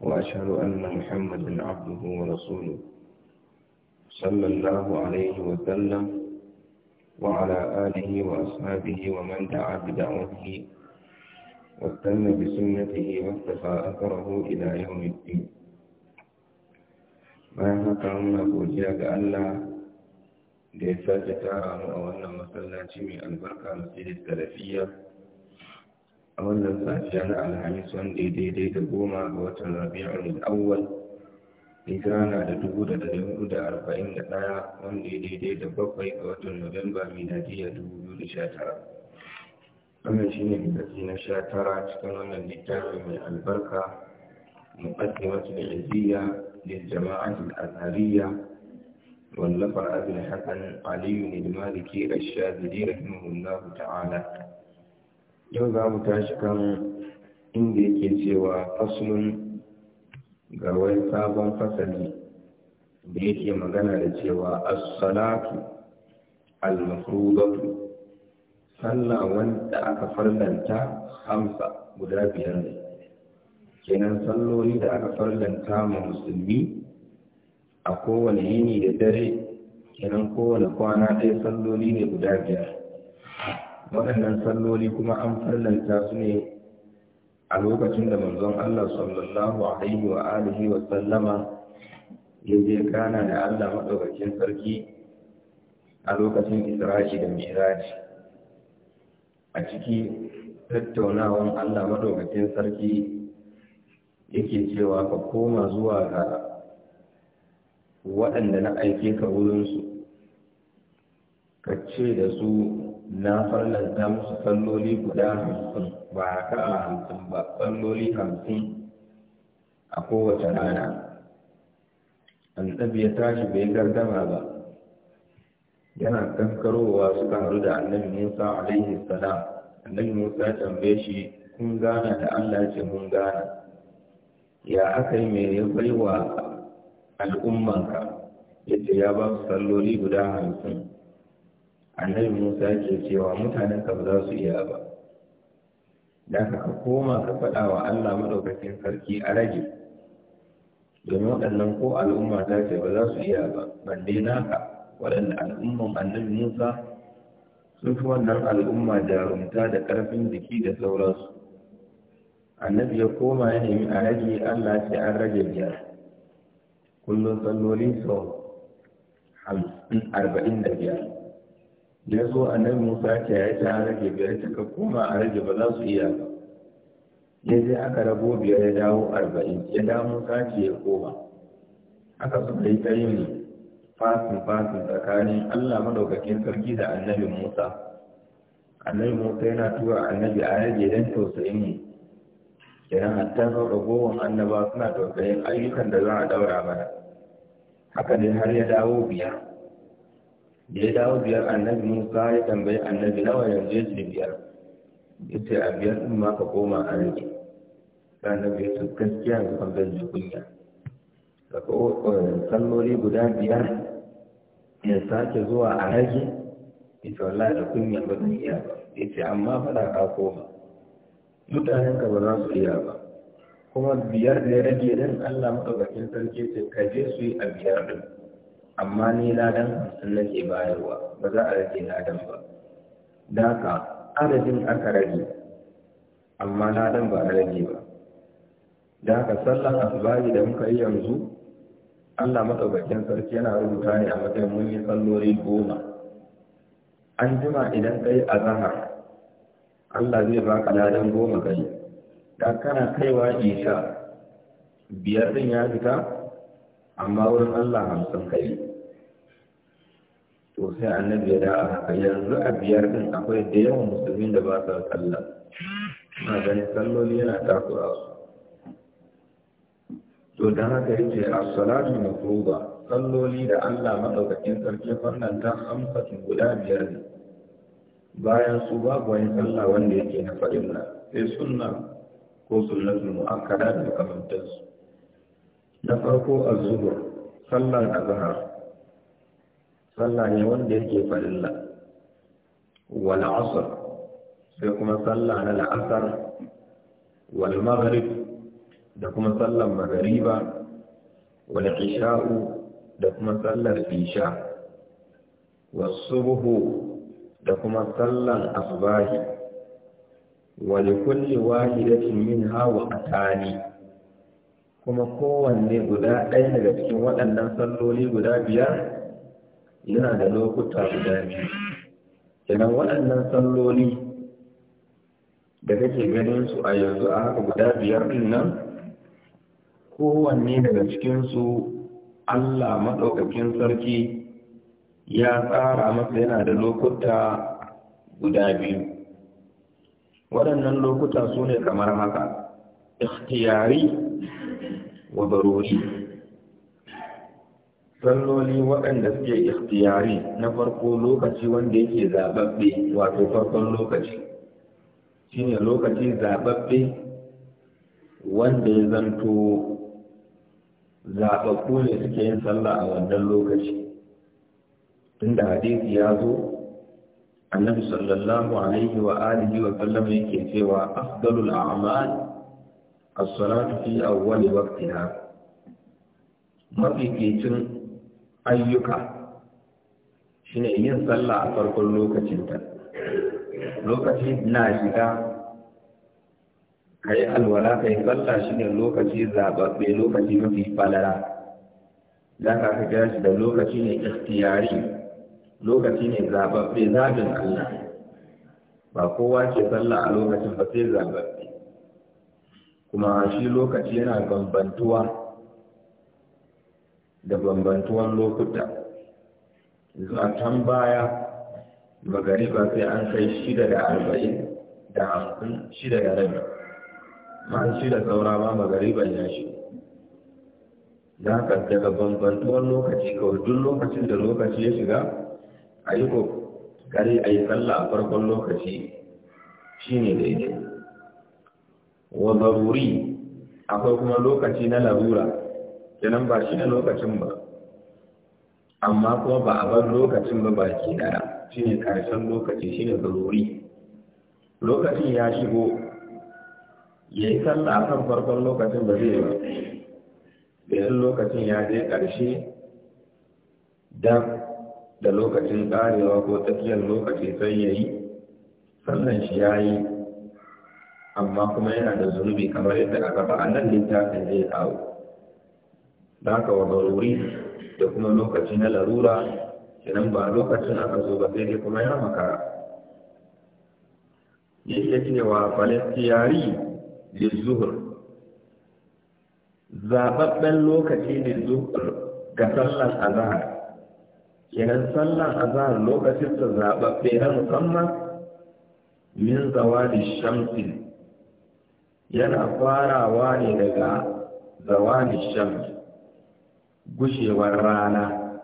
وأشهد أن محمدا عبده ورسوله صلى الله عليه وسلم وعلى آله وأصحابه ومن دعا بدعوته واستنى بسنته واتقى أثره إلى يوم الدين ما haka muna ألا ga Allah da ya مسلاتي من البركة a wannan a wannan safiyar alhamis wanda ya daidai da goma ga watan rabi'ul awwal hijira da dubu da dari da arba'in da ɗaya wanda ya daidai da bakwai ga watan nuwamba miladiya dubu biyu da sha tara wannan shi ne bukati na sha tara cikin wannan littafin mai albarka muqaddimatul izziya lil jama'atul azhariyya wallafar abin hakan aliyu ne da maliki ashadidi rahimahullahu ta'ala yau za mu tashi kan inda yake cewa fasulun ga wani sabon fasali da yake magana da cewa as-salatu al-mafrudatu sallah wanda aka farlanta hamsa guda biyar ne kenan salloli da aka farlanta ma musulmi a kowane yini da dare kenan kowane kwana ɗaya salloli ne guda biyar waɗannan salloli kuma an farlanta su ne a lokacin da manzon Allah sallallahu alaihi wa alihi wa sallama ya je kana da Allah madaukakin sarki a lokacin Isra'i da Mi'raj a ciki tattaunawar Allah madaukakin sarki yake cewa ka koma zuwa ga waɗanda na aike ka wurinsu ka ce da su na farlanta musu kalloli guda hamsin ba a a hamsin ba kalloli hamsin a kowace rana tsabi ya tashi bai gardama ba yana kankarowa suka haru da annabi musa alaihi salam annabi musa tambaye shi kun gana da allah ce mun gana ya aka yi mai ya baiwa al'ummanka ya ce ya ba su salloli guda hamsin annabi musa ke cewa mutanen ka ba za su iya ba da ka koma ka faɗa wa allah maɗaukakin sarki a rage domin waɗannan ko al'umma ta ce ba za su iya ba balle naka waɗanda al'umman annabi musa sun fi wannan al'umma jarumta da ƙarfin jiki da sauransu annabi ya koma ya nemi a rage allah ce an rage biyar kullum salloli sau arba'in da biyar da ya zo annabi musa ta ya ta rage biyar ta ka koma a rage ba za su iya ba ya je aka rabo biyar ya dawo arba'in ya dawo musa ce ya koma aka suka yi ta fasin fasin tsakanin allah madaukakin sarki da annabi musa annabi musa yana tura annabi a rage don tausayin mu idan hatta sau gowon annaba suna tausayin ayyukan da za a daura mana haka ne har ya dawo biyar da ya dawo biyar annabi musa ya tambayi annabi nawa yanzu ya ce biyar ya ce a biyar ɗin ma ka koma a rage annabi ya ce gaskiya ga kan zai kunya daga eh, salloli guda biyar ya sake zuwa a rage ya ce wallahi da kunya ba zan iya ba ya ce amma fada ka koma mutanen ka ba za su iya ba kuma biyar ne rage din allah maɗaukakin sarki ce ka je su yi a biyar ɗin amma ni ladan hamsin nake bayarwa ba za a rage ladan ba da adadin aka rage amma ladan ba a rage ba da sallah sallan asibari da muka yi yanzu allah matsaukakin sarki yana rubuta ne a matsayin mun yi sallori goma an jima idan kai a zahar allah zai baka ladan goma kai da kana kaiwa isha biyar din ya fita amma wurin Allah hamsin kai to sai annabi ya da'a haka yanzu a biyar din akwai da yawan musulmin da ba sa sallah na gani salloli yana takura su to don haka yake a salatu na kuba salloli da Allah maɗaukakin sarki farnan ta hamsatin guda biyar ne bayan su babu wani sallah wanda yake na fa'ila sai sunna ko sunnatul mu'akkada da makamantansu na farko az-zuhur sallar zahar. sallah ne wanda yake farilla wal asr sai kuma sallah na la'asar wal maghrib da kuma sallar maghriba wal isha'u da kuma sallar isha subh da kuma sallar asbahi wa likulli wahidatin minha wa atani kuma kowanne guda ɗaya daga cikin waɗannan salloli guda biyar yana da lokuta guda biyu idan waɗannan salloli da kake ganin su a yanzu a haka guda biyar ɗin nan kowanne daga cikinsu allah maɗaukakin sarki ya tsara masa yana da lokuta guda biyu waɗannan lokuta su ne kamar haka ikhtiyari wa barori salloli waɗanda suke ikhtiyari na farko lokaci wanda yake zaɓaɓɓe wato farkon lokaci shine lokaci zaɓaɓɓe wanda ya zanto zaɓaɓɓu ne suke yin sallah a wannan lokaci tunda hadisi ya zo annabi sallallahu alaihi wa alihi wa sallam yake cewa afdalul a'mal as-salatu fi awwal waqtiha mafificin ayyuka shine yin sallah a farkon lokacinta lokaci na shiga ka yi alwala ka yi tsalla shi ne lokaci zaɓaɓɓe lokaci mafi falara. za ka ka kira shi da lokaci ne ikhtiyari lokaci ne zaɓaɓɓe zaɓin Allah ba kowa ke tsalla a lokacin ba sai zaɓaɓɓe kuma shi lokaci yana bambantuwa da bambantuwan lokuta can baya magariba sai an kai shida da arba'in da hamsin shida da rabi ma'an shida saura ma ba ya shi za ka daga bambantuwar lokaci kawai duk lokacin da lokaci ya shiga a yi kokari a yi sallah a farkon lokaci shi ne daidai wa zaruri akwai kuma lokaci na larura kenan ba shi ne lokacin ba amma kuma ba a bar lokacin ba baki daya shi ne karshen lokaci shi ne zaruri lokacin ya shigo ya yi sallah a kan farkon lokacin ba zai ba da yin lokacin ya je ƙarshe da da lokacin ƙarewa ko tsakiyar lokaci sai ya yi sannan shi ya yi amma kuma yana da zunubi kamar yadda aka ba a nan littafin zai kawo da haka wa zaruri da kuma lokaci na larura kenan ba lokacin aka zo ba sai dai kuma ya makara ce cewa falastiyari da zuhur zaɓaɓɓen lokaci da zuhur ga sallan azahar kenan sallan azahar lokacin sa zaɓaɓɓe na musamman min zawa da shamsin yana farawa ne daga zawani shan gushewar rana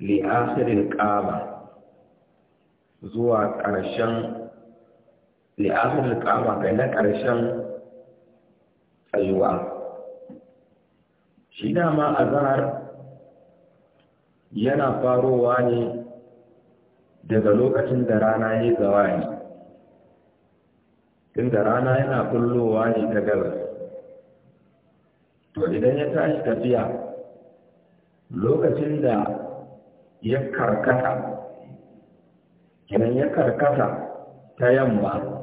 li akhirin zuwa ƙarshen li akhirin ga na ƙarshen tsayuwa shi dama azhar yana farowa ne daga lokacin da rana ya zawani tunda rana yana kullowa ne ta gaba to idan ya tashi tafiya lokacin da ya karkata idan ya karkata ta yamma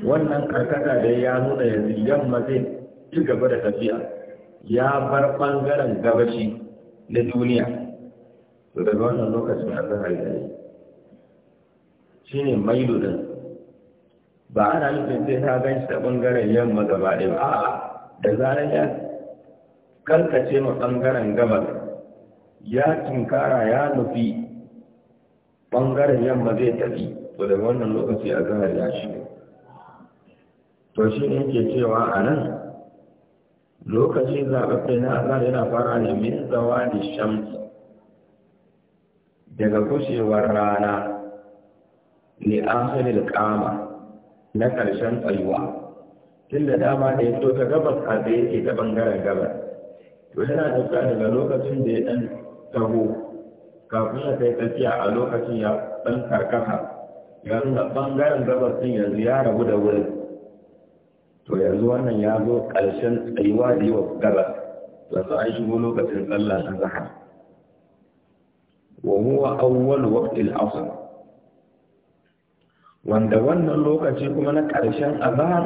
wannan karkata da ya nuna yanzu yamma zai ci gaba da tafiya ya bar ɓangaren gabashi na duniya to daga wannan lokacin a zahar da shi ne mailu din ba ana nufin sai ta gan shi ta ɓangaren yamma gaba ɗin a da zarar ya karkace ma ɓangaren gabas ya tunkara ya nufi bangaren yamma zai tafi to daga wannan lokaci a zahar ya shi to shi ne ke cewa a nan lokacin zaɓaɓɓe na azhar yana fara ne min zawa da shamsi daga kushewar rana li akhiril qama na ƙarshen tsayuwa tun da dama da ya so ta gabas a da yake ta ɓangaren gabas to yana tafiya daga lokacin da ya ɗan taho kafin ya kai tafiya a lokacin ya ɗan karkasa ya nuna ɓangaren gabas ɗin yanzu ya rabu da wurin to yanzu wannan ya zo ƙarshen tsayuwa da yi wa gabas yanzu an shigo lokacin tsalla ta zahar wa huwa awwal waqtil asr wanda wannan lokaci kuma na ƙarshen azahar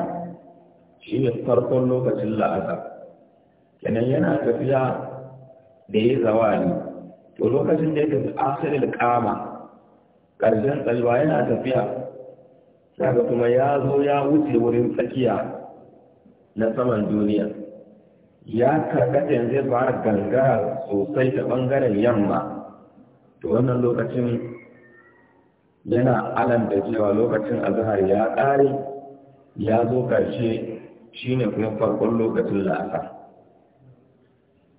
shi ne farkon lokacin la'azar kenan yana tafiya da ya zawali to lokacin da yake tafi asirin kama ƙarshen tsalwa yana tafiya daga kuma ya zo ya wuce wurin tsakiya na saman duniya ya karkata yanzu ya fara gangara sosai ta ɓangaren yamma to wannan lokacin yana alan da cewa lokacin azhar ya ƙare ya zo ƙarshe shine kuma farkon lokacin la'asar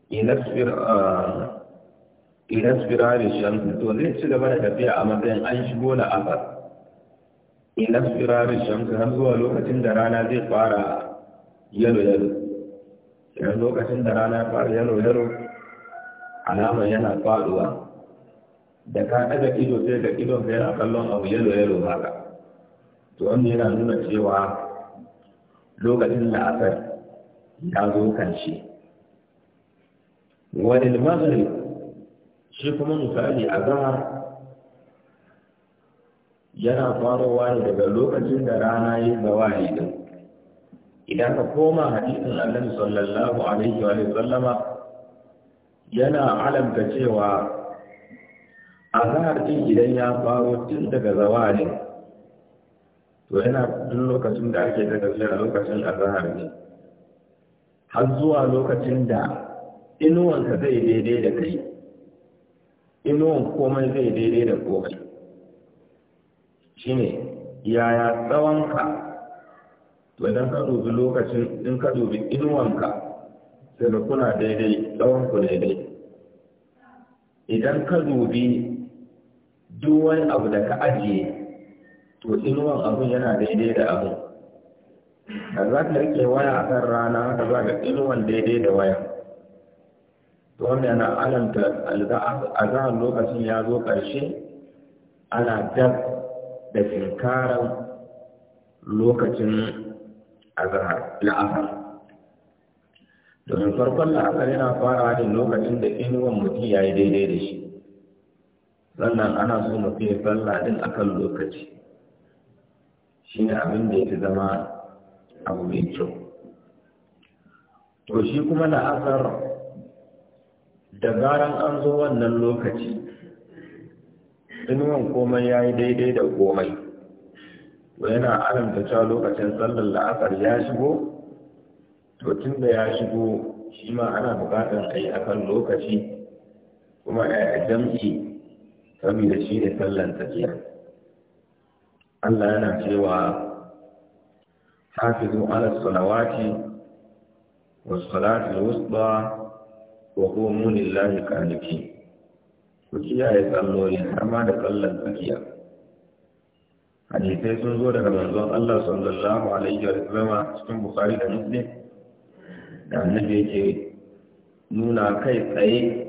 idan spirari ah, shamsu to zai ci gaba da tafiya a matsayin an shigo la'asar idan spirari shamsu har zuwa lokacin da rana zai fara yalo-yalo idan lokacin da rana fara yalo-yalo alama yana faɗuwa da ka daga ido sai da idon ka yana kallon abu yalo yalo haka to wannan yana nuna cewa lokacin la'asar ya zo kan shi wani maghrib shi kuma misali a zahar yana farowa ne daga lokacin da rana yi ne din idan ka koma hadisin allon sallallahu alaihi wa sallama yana alamta cewa a din idan ya faro tun daga zawali to yana duk lokacin da ake daga zuwa lokacin azahar ne har zuwa lokacin da inuwanka zai daidai da kai inuwan komai zai daidai da komai shine yaya tsawonka to ka dubi lokacin in ka dubi inuwanka sai kuna daidai tsawonku daidai idan ka dubi duk wani abu da ka ajiye to inuwan abu yana daidai da abu da za ka rike waya a kan rana da za ka inuwan daidai da waya to wanda yana alanta azahar lokacin ya zo ƙarshe ana dab da tinkarar lokacin azahar domin farkon la'afar yana fara ne lokacin da inuwan mutum ya yi daidai da shi sannan ana so mutum ya sallah din akan lokaci shi ne abin da ya zama abu mai kyau to shi kuma la'asar da garan an zo wannan lokaci inuwan komai ya yi daidai da komai Wa yana alamta cewa lokacin sallar la'asar ya shigo to tun da ya shigo shi ma ana bukatar a yi akan lokaci kuma a jam'i saboda shi da sallan tafiya Allah yana cewa hafizu ala salawati wa salati wusba wa qumu lillahi qanitin ku kiyaye salloli har ma da sallan tafiya hadisai sun zo daga manzon Allah sallallahu alaihi wa sallama cikin Bukhari da Muslim da annabi yake nuna kai tsaye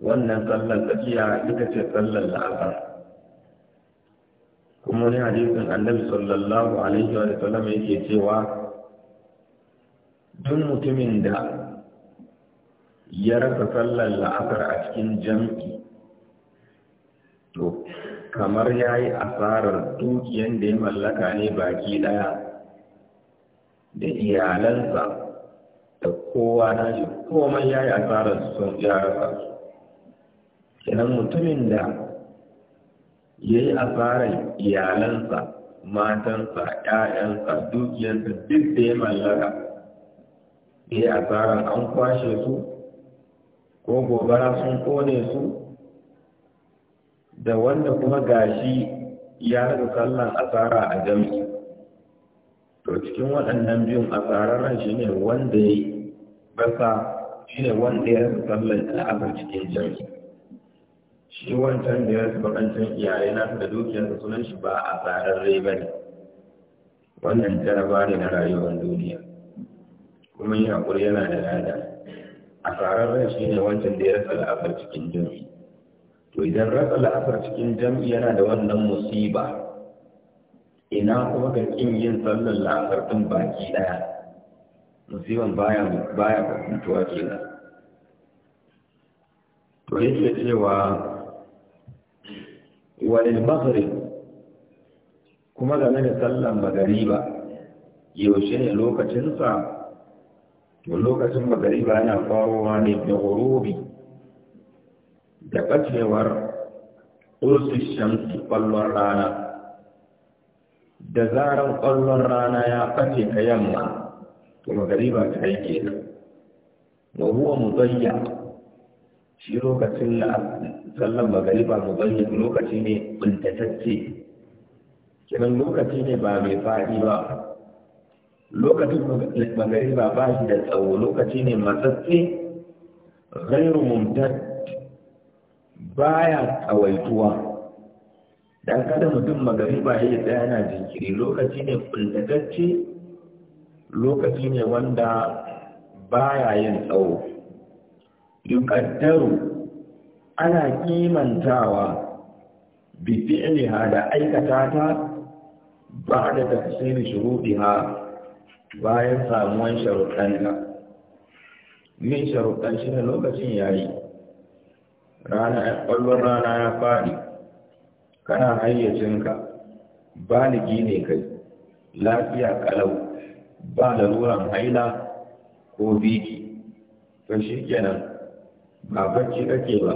wannan sallar tsakiya ita ce sallar la'asar kuma wani hadisin annabi sallallahu alaihi wa sallam yake cewa duk mutumin da ya rasa sallar la'asar a cikin jam'i to kamar ya yi asarar dukiyan da ya mallaka ne baki daya da iyalansa da kowa na shi komai ya yi asarar sun ya rasa su kenan mutumin da ya yi asarar iyalansa matansa ‘ya'yansa dukiyarsa duk da ya mallaka ya yi asarar an kwashe su ko gobara sun kone su da wanda kuma gashi ya rasa sallan asara a jami'i to cikin waɗannan biyun asararren shi ne wanda ya yi basa shi ne wanda ya rasa sallan al'asar cikin jami'i shi wancan da ya fi bakancan iyaye nasu da dukiyarsa sunan shi ba a rai ba ne wannan jaraba ne na rayuwar duniya kuma yi haƙuri yana da lada a rai shi ne wancan da ya rasa la'afar cikin jami'i to idan rasa la'afar cikin jami'i yana da wannan musiba ina kuma ka ƙin yin sallar la'afar ɗin baki ɗaya musiban baya baya kwatantuwa kenan to yake cewa walil maghrib kuma game da sallan magariba yaushe ne lokacinsa to lokacin magariba yana farowa ne da gurubi da bacewar ursus shamsi rana da zaran ƙwallon rana ya ɓace ta yamma to magariba ta yi kenan wa huwa mudayya shi lokacin sallan magariba mu bari lokaci ne kuntatacce kiran lokaci ne ba mai faɗi ba lokacin magariba ba shi da tsawo lokaci ne matsatse gairu mumtad baya tsawaituwa dan kada mutum magariba ya tsaya yana jinkiri lokaci ne kuntatacce lokaci ne wanda baya yin tsawo yuqaddaru ana kimantawa bi fi'liha da aikata ta ba da tafsiri shuruɗiha bayan samuwan sharuɗanta min sharuɗan shi ne lokacin yayi rana ƙwallon rana ya faɗi kana hayyacinka baligi ne kai lafiya kalau ba da laruran haila ko biki to shi kenan ba bacci kake ba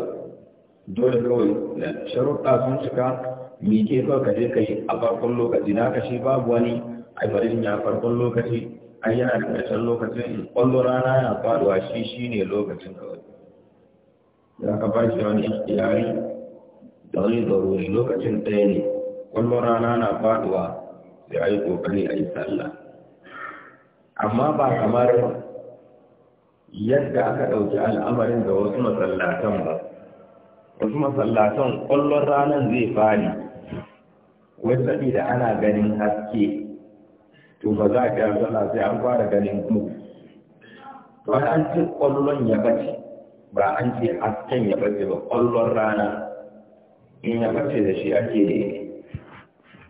dole kawai da sharuɗa sun cika mike kawai ka je ka a farkon lokaci na kashe babu wani a farin ya farkon lokaci an yana da ƙarshen lokacin ƙwallo rana yana faruwa shi shi ne lokacin kawai za ka ba shi wani yari da wani zaruri lokacin ɗaya ne ƙwallo rana na faruwa sai a yi ƙoƙari a yi sallah amma ba kamar yadda aka ɗauki al'amarin da wasu masallatan ba wasu masallatan ƙwallon ranar zai fari wai da ana ganin haske to ba za ka sallah sai an fara ganin mu to an ce ƙwallon ya bace ba an ce hasken ya bace ba ƙwallon rana in ya bace da shi ake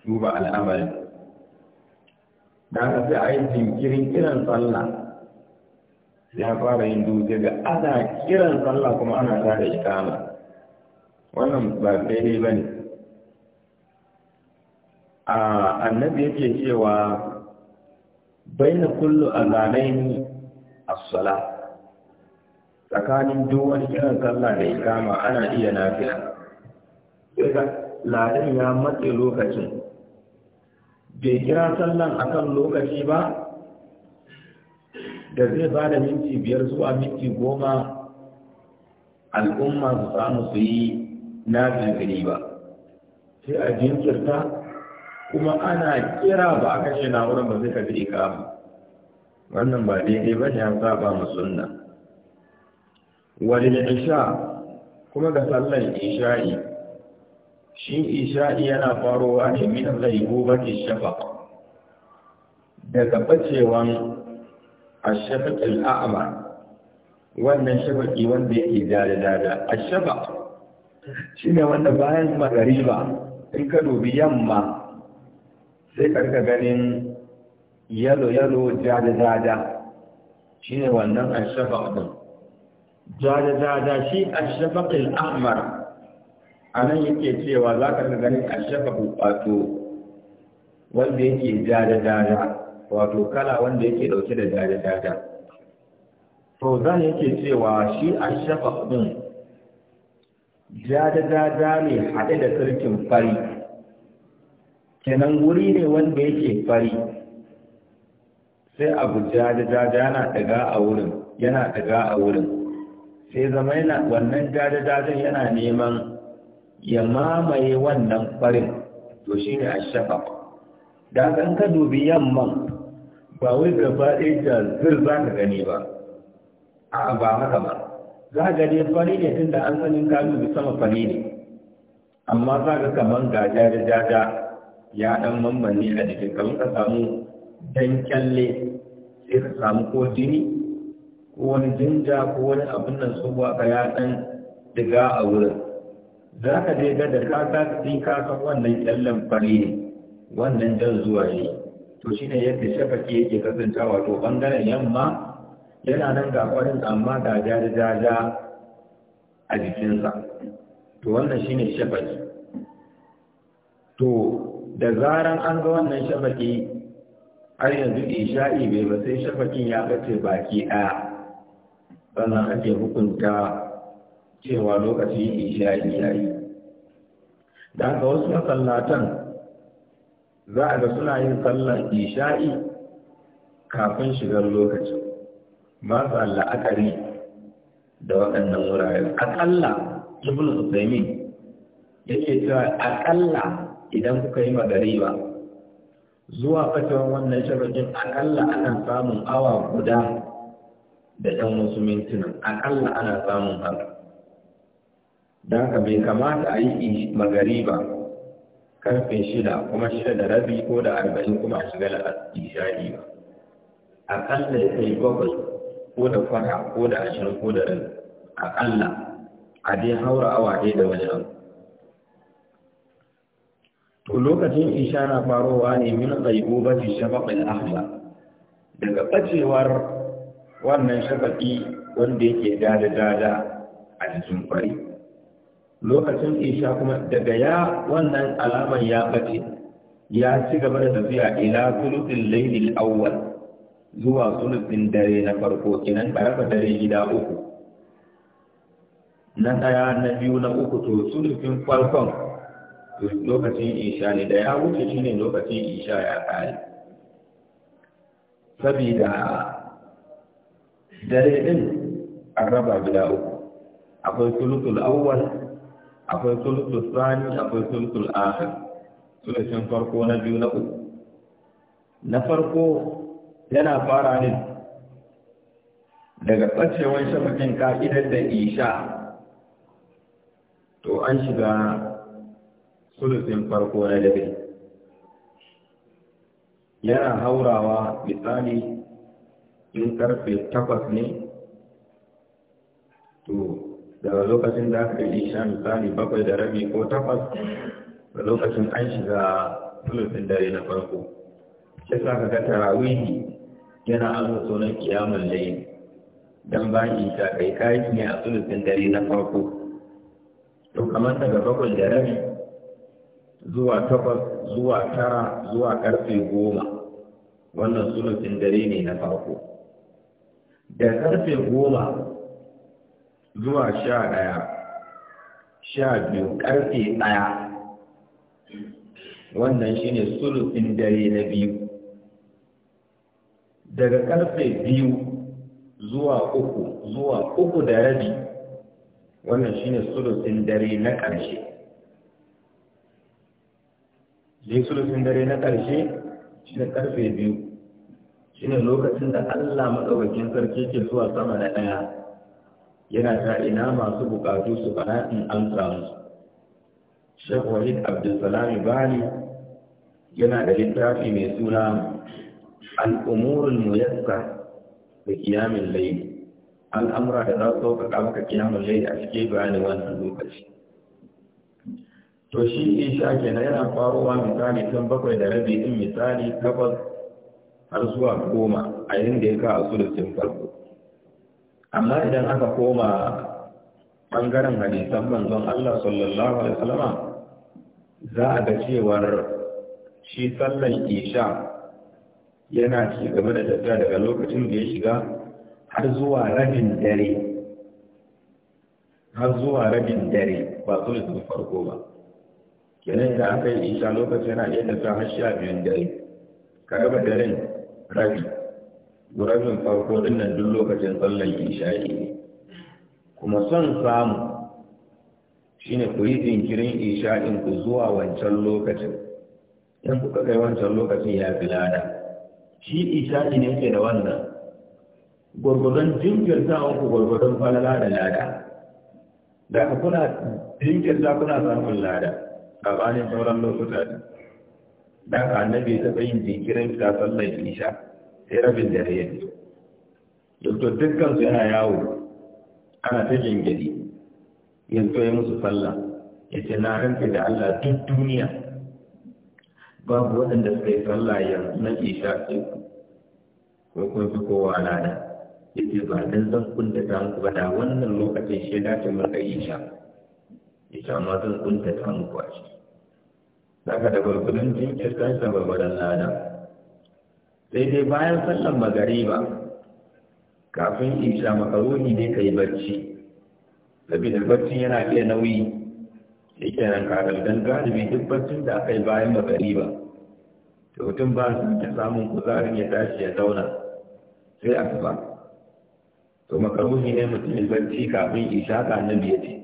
duba al'amarin da aka sai a yi jinkirin kiran sallah ya fara yin dutse ga ana kiran sallah kuma ana tare ikama wannan ba daidai ba ne a annabi yake cewa baina kullu azanaini as-sala tsakanin duk wani kiran sallah da ikama ana iya nafila daga ladan ya matse lokacin bai kira sallan akan lokaci ba da zai ba da minti biyar zuwa minti goma al'umma su samu su yi na gari ba sai a jinkirta kuma ana kira ba a kashe na wurin ba zai ika ba. wannan ba daidai ba ne an saba mu sunna wadda isha kuma ga sallar isha'i shi isha'i yana farowa ne min gobe ke shafa daga bacewan الشفق الأعمى wannan shafaƙi wanda yake dada-dada a shafa shi ne wanda bayan magariba in ka dubi yamma sai karka ganin yalo-yalo dada-dada shi ne wannan a shafa dada-dada shi a shafa ahmar a nan yake cewa za ka ganin a shafa wato wanda yake dada-dada wato kala wanda yake dauke da dada-dada to zan yake cewa shi a shafa ɗin dada mai ne haɗe da sarkin fari kenan wuri ne wanda yake fari sai abu dada yana daga a wurin yana daga a wurin sai zama yana wannan dada yana neman ya mamaye wannan farin to shi ne a da kan ka dubi yamman ba wai gaba ɗaya jazir za ka gani ba a ba haka ba za ka gani fari ne tun da sanin kanu bi sama fari ne amma za ka kaman gaja da jaja ya ɗan mammanne a jikin kamar ka samu dan kyalle sai ka samu ko jini ko wani jinja ko wani abin nan tsohuwa ka ya ɗan diga a wurin za ka je ga da ka ka ka san wannan kyallen fari ne wannan jan zuwa ne to shine yadda shafaki yake kasancewa to bangaren yamma yana nan ga kwarin amma ga jajaja a jikinsa to wannan shi ne shafaki to da zaran an ga wannan shafaki har yanzu isha'i bai ba sai shafakin ya bace baki ɗaya sannan ake hukunta cewa lokacin isha'i ya yi da haka wasu masallatan za a ga suna yin sallar isha'i kafin shigar lokaci ba su la'akari da waɗannan wurare. aƙalla ibn usaimin yake cewa aƙalla idan kuka yi magariba zuwa fatawan wannan shafafin aƙalla akan samun awa guda da ɗan wasu mintunan aƙalla ana samun haka don ka bai kamata a yi magariba karfe shida kuma shida da rabi ko da arba'in kuma a shiga la'asari ba aƙalla ya kai bakwai ko da fara, ko da ashirin ko da rabi aƙalla a dai haura awa ɗaya da wani abu to lokacin isha na farowa ne min ɗaiɓo ba shi shafaɓin ahla daga ɓacewar wannan shafaƙi wanda yake dada-dada a jikin kwari lokacin isha kuma daga ya wannan alaman ya bace ya ci gaba da tafiya ila sulutin lailil awwal zuwa sulutin dare na farko kenan karfa dare gida uku na daya na biyu na uku to sulusin farkon lokacin isha ne da ya wuce shine lokacin isha ya kare sabida dare din an raba gida uku akwai sulutul awwal akwai sulusul sani akwai sulusul akhir sulusun farko na biyu na uku na farko yana fara ne daga ɓacewar shafakin ka'idar da isha to an shiga sulusin farko na dare yana haurawa misali in karfe takwas ne to daga lokacin da aka yi isha misali bakwai da rabi ko takwas da lokacin an shiga tulufin dare na farko shi sa ka ga rawihi yana amsa sunan kiyamun layin don ba bayan isha kai kayi ne a tulufin dare na farko to kamar daga bakwai da rabi zuwa takwas zuwa tara zuwa karfe goma wannan tulufin dare ne na farko da karfe goma zuwa sha ɗaya sha biyu ƙarfe ɗaya wannan shi ne sulufin dare na biyu daga ƙarfe biyu zuwa uku zuwa uku da rabi wannan shi ne sulufin dare na ƙarshe zai sulufin dare na ƙarshe shi ne ƙarfe biyu shi ne lokacin da allah maɗaukakin sarki ke zuwa sama da ɗaya yana ta ina masu bukatu su kana in an samu Sheikh Wahid Abdulsalami Bali yana da littafi mai suna Al'umurul Muyassar da kiyamin laili al'amura da za su sauƙaƙa maka kiyamin laili a cikin bayani wannan lokaci. To shi isha kenan yana faruwa misali tun bakwai da rabi in misali takwas har zuwa goma a yin da ya ka a sulutun farko. amma idan aka koma ɓangaren hadisan manzon Allah sallallahu alaihi wasallama za a ga cewar shi sallan isha yana ci gaba da tafiya daga lokacin da ya shiga har zuwa rabin dare har zuwa rabin dare ba su da farko ba kenan idan aka yi isha lokacin yana iya tafiya har sha biyun dare ka raba daren rabin rashin farko nan duk lokacin sallar isha'i kuma son samu shine ku yi jinkirin isha'in ku zuwa wancan lokacin 'yan kuka kai wancan lokacin ya fi lada shi isha'i ne ke da wannan gwargwadon jinkirta ku gwargwadon falala da lada da ka kuna jinkirta kuna samun lada a tsanin sauran lokuta da ka annabi ta yin jinkirin ta sallar isha'i sai rabin dare ya doktor dukkan su yana yawo ana ta jingiri yanzu ya musu sallah ya ce na rantsi da Allah duk duniya babu waɗanda suka yi sallah yanzu na isha ce ko kuma fi kowa alada ya ce ba dan zan kunta ta muku ba da wannan lokacin shi da ta maka isha ce ma zan kunta ta muku a shi. Saka da gwargwadon jinkirta shi da gwargwadon lada. sai dai bayan sallan magariba kafin isha makaroni ne ka yi barci sabida barci yana iya nauyi ke nan karar don galibi duk barcin da aka yi bayan magariba da hutun ba su ta samun kuzarin ya tashi ya zauna sai a gaba to makaroni ne mutum yi barci kafin isha ka annabi ya ce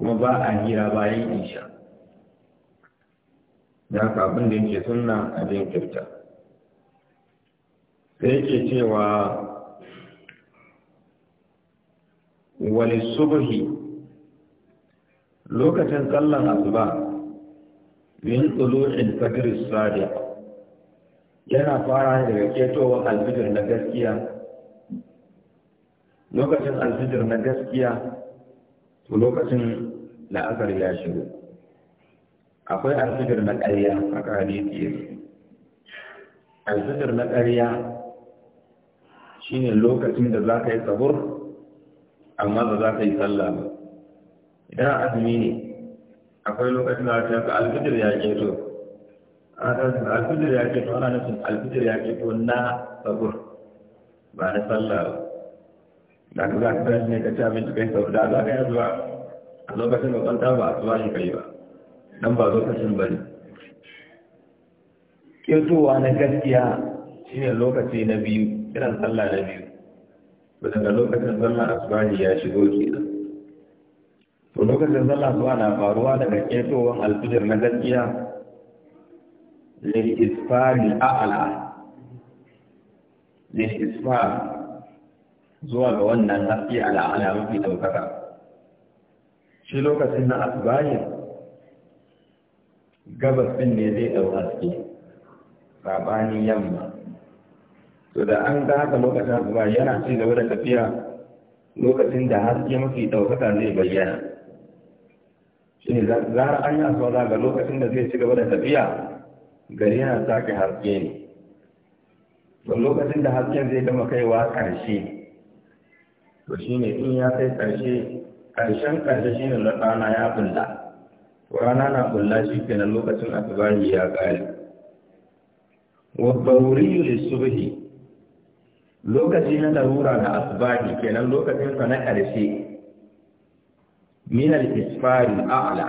kuma ba a hira bayan isha da kafin da yake sunna a jin kyauta da yake cewa wani subuhi? lokacin sallan asuba min in fajr sadiq yana fara daga ketowar alfijir na gaskiya lokacin alfijir na gaskiya to lokacin la'asar ya shigo akwai alfijir na ƙarya a ƙarni fiye alfijir na ƙarya shine lokacin da za ka yi sabur amma ba za ka yi sallah ba idan azumi ne akwai lokacin da za ka alfijir ya keto alfijir ya keto ana nufin alfijir ya keto na sabur ba na sallah ba da ka za ka tashi ne ka ci abinci kai sabur da za ka yi zuwa a lokacin da kwanta ba a zuwa shi kai ba dan ba lokacin ba ne ketowa na gaskiya shine lokaci na biyu kiran sallah na biyu Ba daga lokacin sallah asubahi ya shigo kenan to lokacin sallah zuwa na faruwa daga ƙetowar alfijir na gaskiya lil isfari ala lil isfari zuwa ga wannan haske al'ala mafi ɗaukaka shi lokacin na asibayin gabas ɗin ne zai ɗau haske saɓanin yamma to da an ga haka lokacin kuma yana ci gaba da tafiya lokacin da haske mafi ɗaukaka zai bayyana shi ne zara an yi asuwa ga lokacin da zai ci gaba da tafiya gari yana sake haske ne to lokacin da hasken zai gama kaiwa ƙarshe to shi ne in ya kai ƙarshe ƙarshen ƙarshe shi ne rana ya bulla rana na bulla shi kenan lokacin asibari ya ƙare wa Yuli subhi lokaci na larura na asibari kenan lokacin sa na ƙarshe minal isfari a'la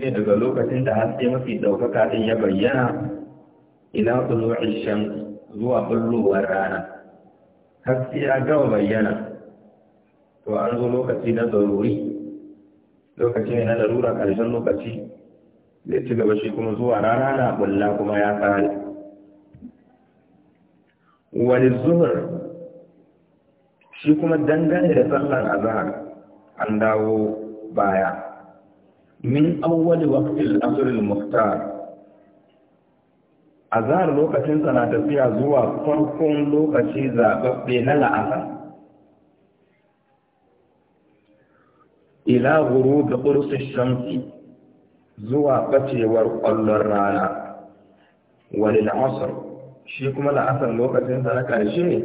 ne daga lokacin da haske mafi ɗaukaka din ya bayyana ila tulu'i shan zuwa bullowar rana haske ya gama bayyana to an zo lokaci na zaruri lokaci ne na larura ƙarshen lokaci zai ci gaba shi kuma zuwa rana na bulla kuma ya tsare wani zuhur shi kuma dangane da sallar azahar an dawo baya min awwal waqtil asr al-muhtar azhar lokacin sana tafiya zuwa farkon lokaci zababbe na la'asar ila ghurub qurs al shamsi zuwa bacewar ƙwallon rana walil asr shi kuma la'asar lokacin sa na ƙarshe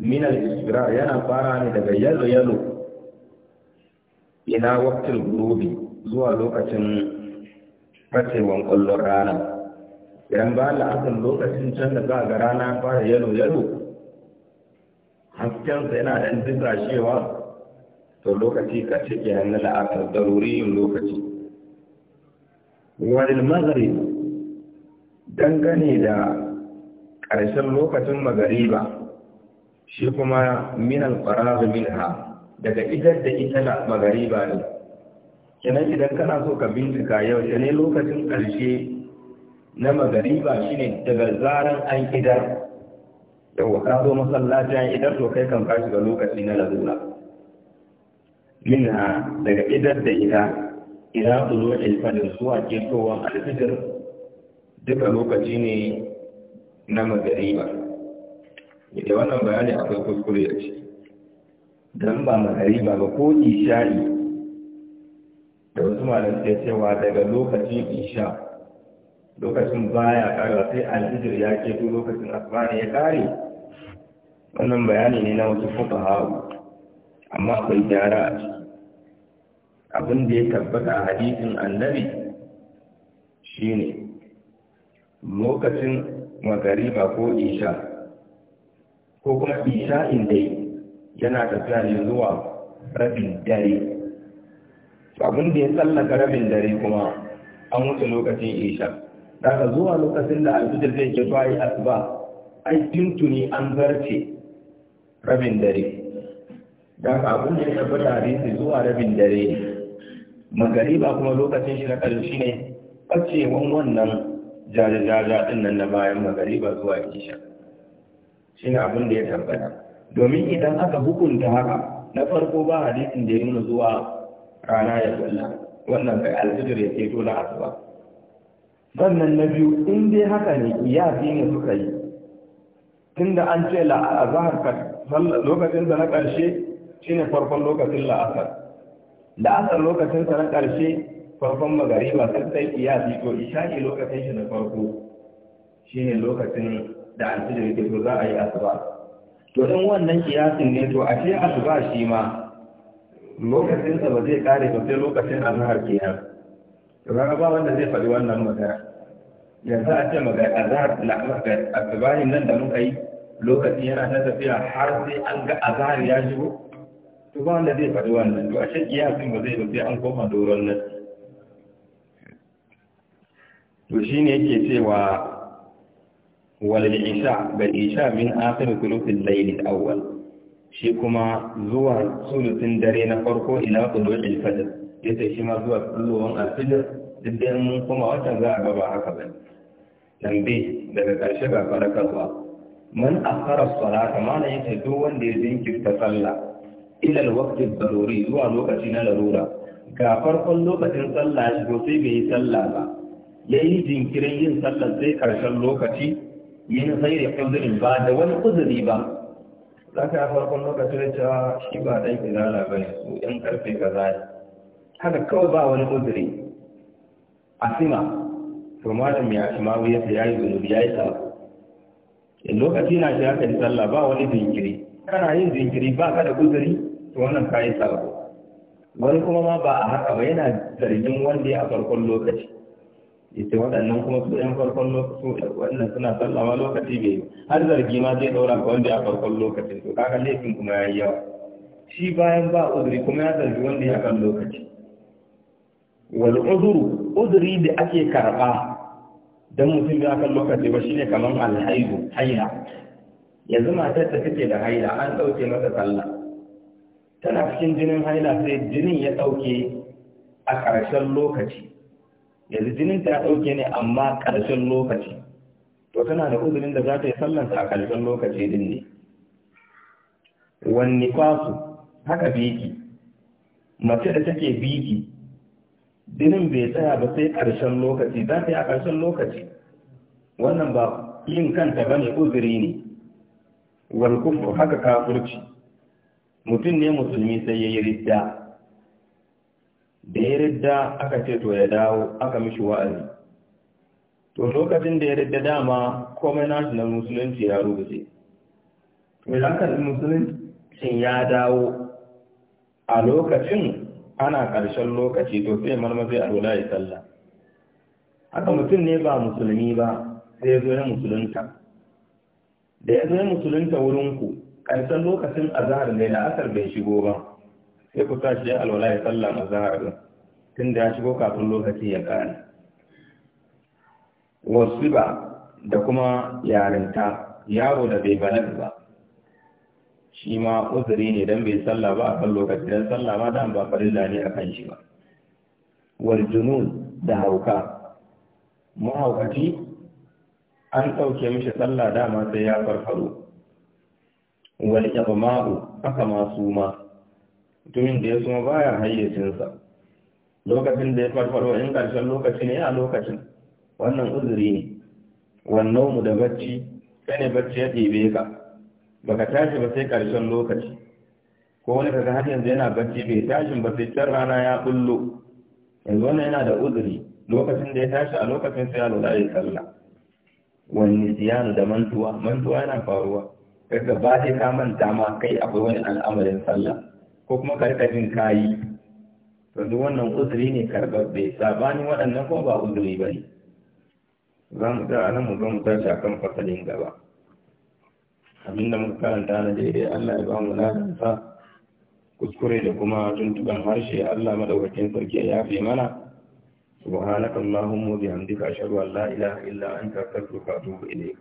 minal isra yana fara ne daga yalo yalo ina waktil gurubi zuwa lokacin fatewan ƙwallon rana idan ba la'asar lokacin can da za ga rana fara yalo yalo haskensa yana ɗan dizashewa to lokaci ka ce kenan da la'asar daruriyin lokaci wani maghrib dangane da ƙarshen lokacin magariba shi kuma min alfarazu minha daga idar da ita na magariba ne kenan idan kana so ka bincika yau da ne lokacin ƙarshe na magariba shi ne daga zaren an idar yau ka zo masallaci an idar to kai kan kashi ga lokaci na lazura minha daga idar da ita ina zuwa ilfadin zuwa ketowar alfijir duka lokaci ne na magariba da wannan bayani akwai kuskure a ciki don ba magariba ba ko isha'i da wasu malam ke cewa daga lokacin isha lokacin baya ƙara sai alhijir ya ke to lokacin asibani ya ƙare wannan bayani ne na wasu fuka hau amma akwai gyara a ciki abin da ya tabbata a hadisin annabi shine lokacin magariba ko isha ko kuma isha dai yana tafiya ne zuwa rabin dare abin da ya tsallaka rabin dare kuma an wuce lokacin isha daga zuwa lokacin da alfijir zai ke bayi asuba ai tuntuni an zarce rabin dare daga abin da ya tafi dare su zuwa rabin dare magariba kuma lokacin shi na ƙarshe ne ɓacewan wannan jaja-jaja ɗin nan na bayan magariba zuwa isha shi ne abin da ya tambaya domin idan aka hukunta haka na farko ba hadisin da ya nuna zuwa rana ya zalla wannan kai alfijir ya ceto na asuba sannan na biyu in dai haka ne iyafi ne suka yi tunda an ce la'azahar lokacin da na ƙarshe shine farkon lokacin la'asar la'asar lokacin sa na ƙarshe farkon magariba kan sai kiyasi to ke lokacin shi na farko Shi ne lokacin da an da yake za a yi asuba to don wannan kiyasin ne to a ce asuba shi ma lokacin ba zai kare ba sai lokacin azhar kenan to kaga ba wanda zai faɗi wannan magana yanzu a ce magana azhar na ne nan da muka yi lokaci yana ta tafiya har sai an ga azhar ya shigo to ba wanda zai faɗi wannan to a ce kiyasin ba zai ba sai an koma doron nan to shi ne yake cewa walil isha bal isha min akhir thuluthil layl al-awwal shi kuma zuwa sulutin dare na farko ila qulu'il fajr yace shi ma zuwa kullowan al-fajr diddan mun kuma wata za a gaba haka ba. tambe daga karshe ga farakarwa man akhara salata mana yake duk wanda ya jinkirta sallah ila al-waqti ad-daruri zuwa lokaci na larura ga farkon lokacin sallah shi ko sai bai yi sallah ba ya yi jinkirin yin sallar sai karshen lokaci min zaire uzurin ba da wani uzuri ba za ka yi farkon lokaci da cewa shi ba ɗan izala ba su 'yan karfe ka za haka kawai ba wani uzuri asima to malam ya ci mawu ya ya yi zunubi ya yi in eh, lokaci na shi haka yi sallah ba wani jinkiri kana yin jinkiri ba ka da uzuri to wannan ka yi sabo wani kuma ma ba a haka ba yana zargin wanda ya a farkon lokaci yace waɗannan kuma su ɗan farkon lokaci waɗannan suna sallama lokaci bai har zargi ma zai ɗaura ga wanda ya farkon lokacin to kaga laifin kuma ya yi yawa shi bayan ba uzuri kuma ya zargi wanda ya kan lokaci wal uzuru uzuri da ake karɓa dan mutum ya kan lokaci ba shine kaman alhaibu haila yanzu matar da take da haila an ɗauke mata sallah tana cikin jinin haila sai jinin ya ɗauke a ƙarshen lokaci yanzu jinin ta dauke ne amma karshen lokaci to tana da uzurin da za ta yi sallan ta karshen lokaci din ne wani kwasu haka biki mace da take biki jinin bai tsaya ba sai karshen lokaci za ta yi a karshen lokaci wannan ba yin kanta ba bane uzuri ne Wani kufu haka kafurci mutum ne musulmi sai ya yi rida da ya ridda aka ce to ya dawo aka mishi wa'azi to lokacin da ya ridda dama komai nashi na musulunci ya rubuce idan kan musulunci ya dawo a lokacin ana ƙarshen lokaci to sai marmazi a rola ya sallah haka mutum ne ba musulmi ba sai ya zo ya musulunta da ya zo ya musulunta wurinku ƙarshen lokacin azahar ne da asar bai shigo ba sai ku sa shi ya alwala ya sallah mazahar tun da ya shigo kafin lokaci ya kane wasu ba da kuma yarinta yaro da bai bane ba shi ma uzuri ne don bai sallah ba a kan lokaci don sallah ma da ba farilla ne a kan shi ba wal junun da hauka mahaukaci an ɗauke mishi sallah dama sai ya farfaro wal yabma'u ma'u aka masu ma tumin da ya suma baya hayyacinsa lokacin da ya farfaro in ƙarshen lokaci ne a lokacin wannan uzuri ne wannan mu da bacci kane ne bacci ya ɗebe ka baka tashi ba sai ƙarshen lokaci ko wani kaga har yanzu yana bacci bai tashin ba sai can rana ya kullo yanzu wannan yana da uzuri lokacin da ya tashi a lokacin sai ya lura ya sallah wani siyanu da mantuwa mantuwa yana faruwa kaga ba sai ka manta ma kai akwai wani al'amarin sallah ko kuma ka jin kayi yanzu wannan uzuri ne karbabbe sabanin waɗannan kuma ba uzuri ba ne za mu ga nan mu ga mu tashi kan fasalin gaba abinda muka karanta na daidai Allah ya ba mu kuskure da kuma tuntuban harshe Allah madaukakin sarki ya yafe mana subhanakallahumma wa bihamdika ashhadu an la ilaha illa anta astaghfiruka wa atubu ilayk